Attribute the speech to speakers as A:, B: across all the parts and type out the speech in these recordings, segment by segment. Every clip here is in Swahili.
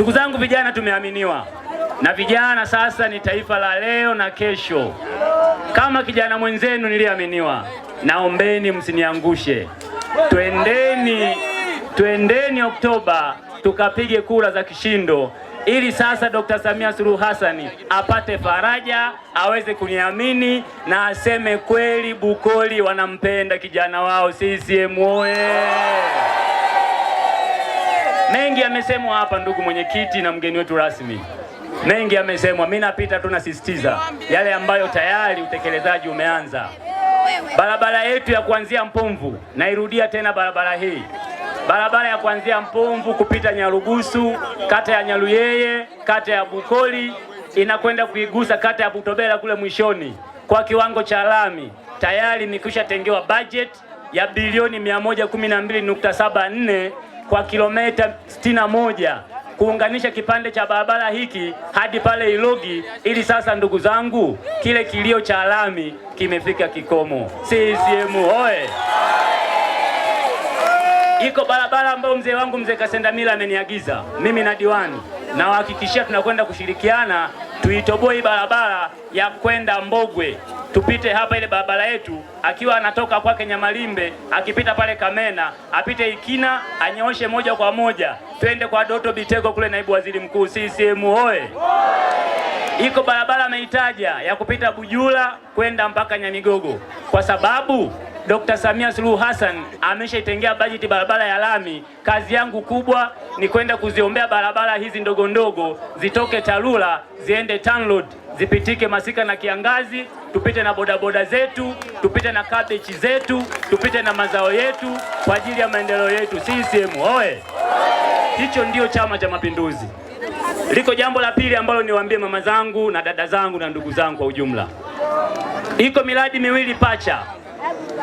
A: Ndugu zangu vijana, tumeaminiwa na vijana sasa ni taifa la leo na kesho. Kama kijana mwenzenu niliaminiwa, naombeni msiniangushe. Twendeni, twendeni Oktoba tukapige kura za kishindo, ili sasa Dr. Samia Suluhu Hassan apate faraja, aweze kuniamini na aseme kweli Bukoli wanampenda kijana wao. CCM oye! Mengi yamesemwa hapa, ndugu mwenyekiti na mgeni wetu rasmi, mengi yamesemwa. Mimi napita tu, nasisitiza yale ambayo tayari utekelezaji umeanza. Barabara yetu ya kuanzia Mpomvu, nairudia tena barabara hii, barabara ya kuanzia Mpomvu kupita Nyarugusu, kata ya Nyaluyeye, kata ya Bukoli, inakwenda kuigusa kata ya Butobela kule mwishoni kwa kiwango cha lami. Tayari nikishatengewa bajeti ya bilioni 112.74 kwa kilometa 61 kuunganisha kipande cha barabara hiki hadi pale Ilogi, ili sasa, ndugu zangu, kile kilio cha lami kimefika kikomo. CCM oye! Iko barabara ambayo mzee wangu mzee Kasendamila ameniagiza mimi na diwani, nawahakikishia tunakwenda kushirikiana tuitoboe barabara ya kwenda Mbogwe tupite hapa ile barabara yetu, akiwa anatoka kwake Nyamalimbe akipita pale Kamena apite Ikina anyoshe moja kwa moja twende kwa Doto Biteko kule, naibu waziri mkuu CCM hoye. Iko barabara ameitaja ya kupita Bujula kwenda mpaka Nyamigogo kwa sababu Dr. Samia Suluhu Hassan ameshaitengea bajeti barabara ya lami. Kazi yangu kubwa ni kwenda kuziombea barabara hizi ndogo ndogo zitoke TARURA ziende TANROADS zipitike masika na kiangazi tupite na bodaboda zetu, tupite na kabeji zetu, tupite na mazao yetu kwa ajili ya maendeleo yetu. CCM oye! Hicho ndio Chama cha Mapinduzi. Liko jambo la pili ambalo niwaambie mama zangu na dada zangu na ndugu zangu kwa ujumla, iko miradi miwili pacha.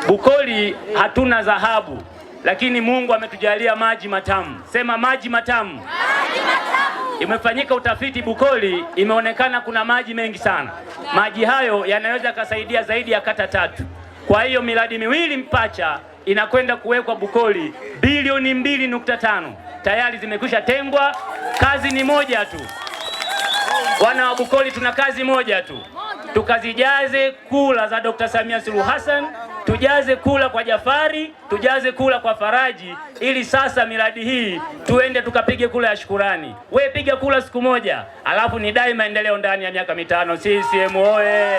A: Bukoli hatuna dhahabu, lakini Mungu ametujalia maji matamu. Sema maji matamu, maji matamu. Imefanyika utafiti Bukoli, imeonekana kuna maji mengi sana. Maji hayo yanaweza kasaidia zaidi ya kata tatu. Kwa hiyo miradi miwili Mpacha inakwenda kuwekwa Bukoli, bilioni mbili nukta tano tayari zimekwisha tengwa. Kazi ni moja tu, wana wa Bukoli, tuna kazi moja tu tukazijaze kula za Dr. Samia Suluhu Hassan, tujaze kula kwa Jafari, tujaze kula kwa Faraji, ili sasa miradi hii tuende tukapige kula ya shukurani. We piga kula siku moja, alafu nidai maendeleo ndani ya miaka mitano. CCM oye!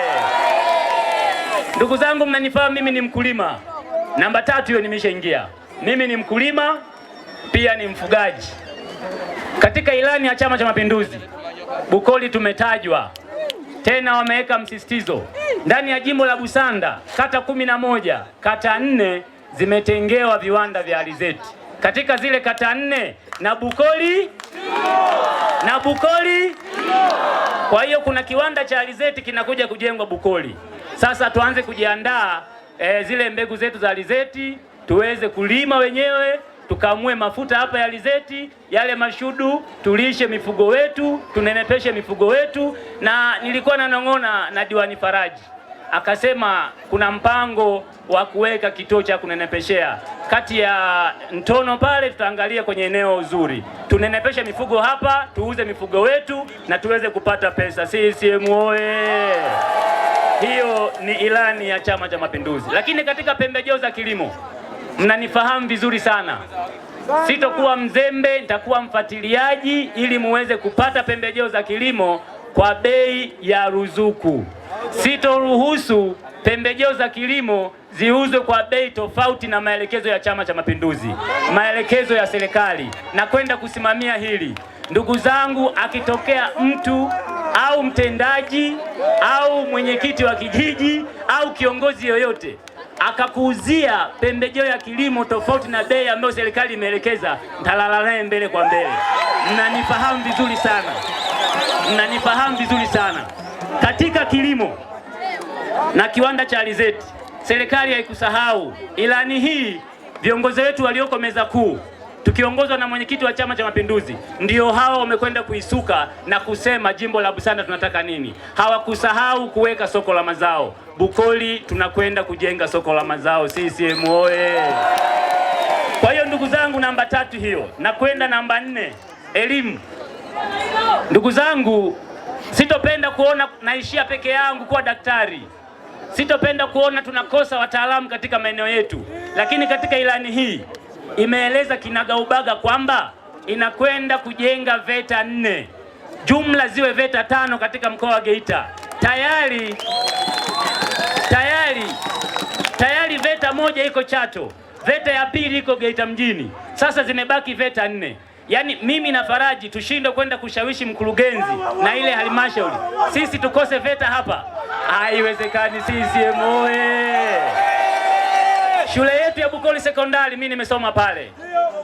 A: Ndugu zangu, mnanifahamu mimi ni mkulima. Namba tatu hiyo nimeshaingia. Mimi ni mkulima pia ni mfugaji. Katika ilani ya Chama cha Mapinduzi Bukoli tumetajwa tena wameweka msisitizo ndani ya jimbo la Busanda, kata kumi na moja, kata nne zimetengewa viwanda vya alizeti. Katika zile kata nne na Bukoli na Bukoli, kwa hiyo kuna kiwanda cha alizeti kinakuja kujengwa Bukoli. Sasa tuanze kujiandaa, e, zile mbegu zetu za alizeti tuweze kulima wenyewe tukamue mafuta hapa ya alizeti yale mashudu, tulishe mifugo wetu, tunenepeshe mifugo wetu. Na nilikuwa nanong'ona na diwani Faraji, akasema kuna mpango wa kuweka kituo cha kunenepeshea kati ya Ntono pale, tutaangalia kwenye eneo zuri, tunenepeshe mifugo hapa, tuuze mifugo wetu na tuweze kupata pesa. CCM oye! Hiyo ni ilani ya Chama cha Mapinduzi. Lakini katika pembejeo za kilimo mnanifahamu vizuri sana. Sitokuwa mzembe, nitakuwa mfuatiliaji ili muweze kupata pembejeo za kilimo kwa bei ya ruzuku. Sitoruhusu pembejeo za kilimo ziuzwe kwa bei tofauti na maelekezo ya Chama cha Mapinduzi, maelekezo ya serikali, na kwenda kusimamia hili. Ndugu zangu, akitokea mtu au mtendaji au mwenyekiti wa kijiji au kiongozi yoyote akakuuzia pembejeo ya kilimo tofauti na bei ambayo serikali imeelekeza, nitalala naye mbele kwa mbele. Mnanifahamu vizuri sana, mnanifahamu vizuri sana. Katika kilimo na kiwanda cha alizeti, serikali haikusahau. Ilani hii viongozi wetu walioko meza kuu tukiongozwa na mwenyekiti wa Chama cha Mapinduzi, ndio hawa wamekwenda kuisuka na kusema jimbo la Busanda tunataka nini. Hawakusahau kuweka soko la mazao Bukoli, tunakwenda kujenga soko la mazao. CCM oye! Kwa hiyo ndugu zangu, namba tatu hiyo na kwenda namba nne, elimu. Ndugu zangu, sitopenda kuona naishia peke yangu kuwa daktari sitopenda kuona tunakosa wataalamu katika maeneo yetu, lakini katika ilani hii imeeleza kinagaubaga kwamba inakwenda kujenga VETA nne jumla ziwe VETA tano katika mkoa wa Geita. Tayari, tayari, tayari VETA moja iko Chato, VETA ya pili iko Geita mjini, sasa zimebaki VETA nne. Yaani mimi na Faraji tushindwe kwenda kushawishi mkurugenzi na ile halmashauri, sisi tukose VETA hapa? Haiwezekani. CCM oye! shule pia Bukoli Sekondari, mimi nimesoma pale,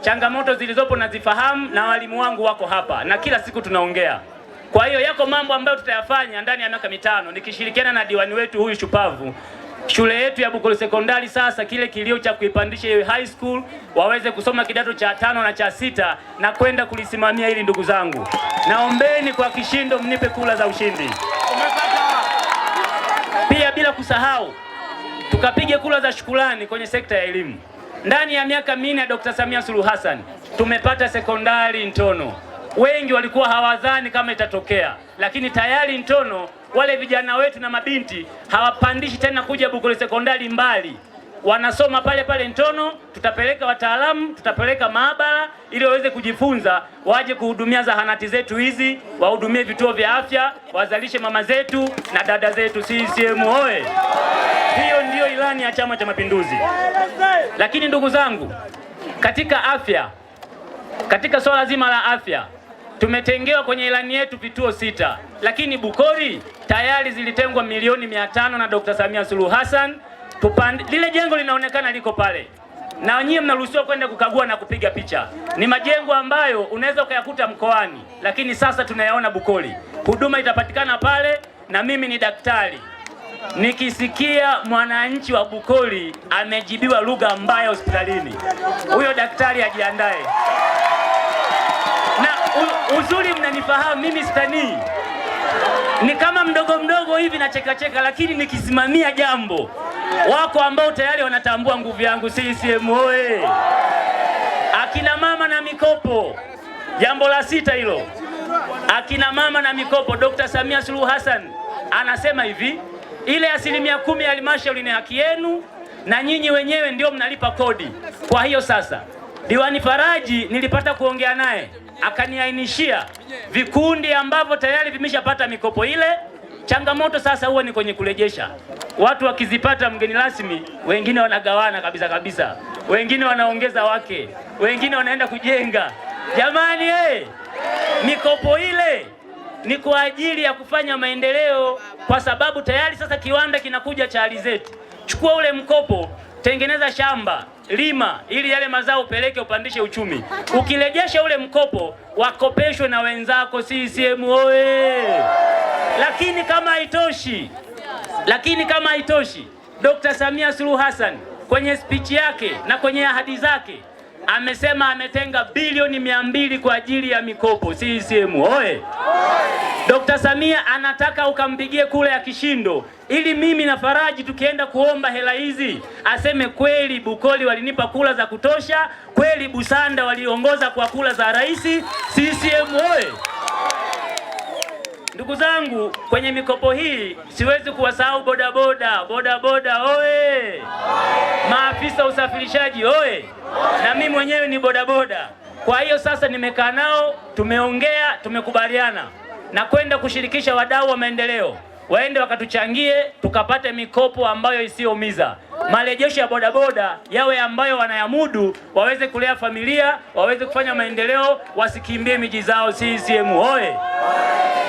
A: changamoto zilizopo nazifahamu, na walimu wangu wako hapa na kila siku tunaongea. Kwa hiyo yako mambo ambayo tutayafanya ndani ya miaka mitano nikishirikiana na diwani wetu huyu shupavu shule yetu ya Bukoli Sekondari sasa, kile kilio cha kuipandisha hiyo high school, waweze kusoma kidato cha tano na cha sita na kwenda kulisimamia hili. Ndugu zangu, naombeni kwa kishindo mnipe kula za ushindi. Pia bila kusahau tukapige kura za shukurani kwenye sekta ya elimu. Ndani ya miaka minne ya Dr. Samia Suluhu Hassan tumepata sekondari Ntono. Wengi walikuwa hawadhani kama itatokea, lakini tayari Ntono wale vijana wetu na mabinti hawapandishi tena kuja Bukole sekondari mbali wanasoma pale pale Ntono, tutapeleka wataalamu, tutapeleka maabara ili waweze kujifunza, waje kuhudumia zahanati zetu hizi, wahudumie vituo vya afya, wazalishe mama zetu na dada zetu. CCM oye! Hiyo ndiyo ilani ya Chama cha Mapinduzi. Lakini ndugu zangu, katika afya, katika swala zima la afya tumetengewa kwenye ilani yetu vituo sita, lakini Bukori tayari zilitengwa milioni mia tano na Dr. Samia Suluhu Hassan Tupande, lile jengo linaonekana liko pale na nyie mnaruhusiwa kwenda kukagua na kupiga picha. Ni majengo ambayo unaweza ukayakuta mkoani, lakini sasa tunayaona Bukoli. Huduma itapatikana pale, na mimi ni daktari, nikisikia mwananchi wa Bukoli amejibiwa lugha mbaya hospitalini, huyo daktari ajiandae. Na u, uzuri mnanifahamu mimi stanii ni kama mdogo mdogo hivi na cheka, lakini nikisimamia jambo wako ambao tayari wanatambua nguvu yangu. CCM oye! Akina mama na mikopo, jambo la sita hilo, akina mama na mikopo. Dr. Samia Suluhu Hassan anasema hivi, ile asilimia kumi ya halmashauri ni haki yenu na nyinyi wenyewe ndio mnalipa kodi. Kwa hiyo sasa, diwani Faraji nilipata kuongea naye, akaniainishia vikundi ambavyo tayari vimeshapata mikopo ile. Changamoto sasa huwa ni kwenye kurejesha watu wakizipata mgeni rasmi, wengine wanagawana kabisa kabisa, wengine wanaongeza wake, wengine wanaenda kujenga. Jamani eh, mikopo ile ni kwa ajili ya kufanya maendeleo, kwa sababu tayari sasa kiwanda kinakuja cha alizeti. Chukua ule mkopo, tengeneza shamba lima ili yale mazao upeleke upandishe uchumi. Ukirejesha ule mkopo, wakopeshwe na wenzako CCM oye! Lakini kama haitoshi lakini kama haitoshi, Dr. Samia Suluhu Hassan kwenye spichi yake na kwenye ahadi zake amesema ametenga bilioni mia mbili kwa ajili ya mikopo. CCM oye! Dr. Samia anataka ukampigie kura ya kishindo, ili mimi na Faraji tukienda kuomba hela hizi aseme kweli Bukoli walinipa kura za kutosha, kweli Busanda waliongoza kwa kura za rais. CCM oye! Ndugu zangu, kwenye mikopo hii siwezi kuwasahau bodaboda. Bodaboda oye! Maafisa usafirishaji oye! Na mimi mwenyewe ni bodaboda. Kwa hiyo sasa nimekaa nao, tumeongea, tumekubaliana na kwenda kushirikisha wadau wa maendeleo waende wakatuchangie tukapate mikopo ambayo isiyoumiza. Marejesho ya bodaboda yawe ambayo wanayamudu, waweze kulea familia, waweze kufanya maendeleo, wasikimbie miji zao. CCM oye!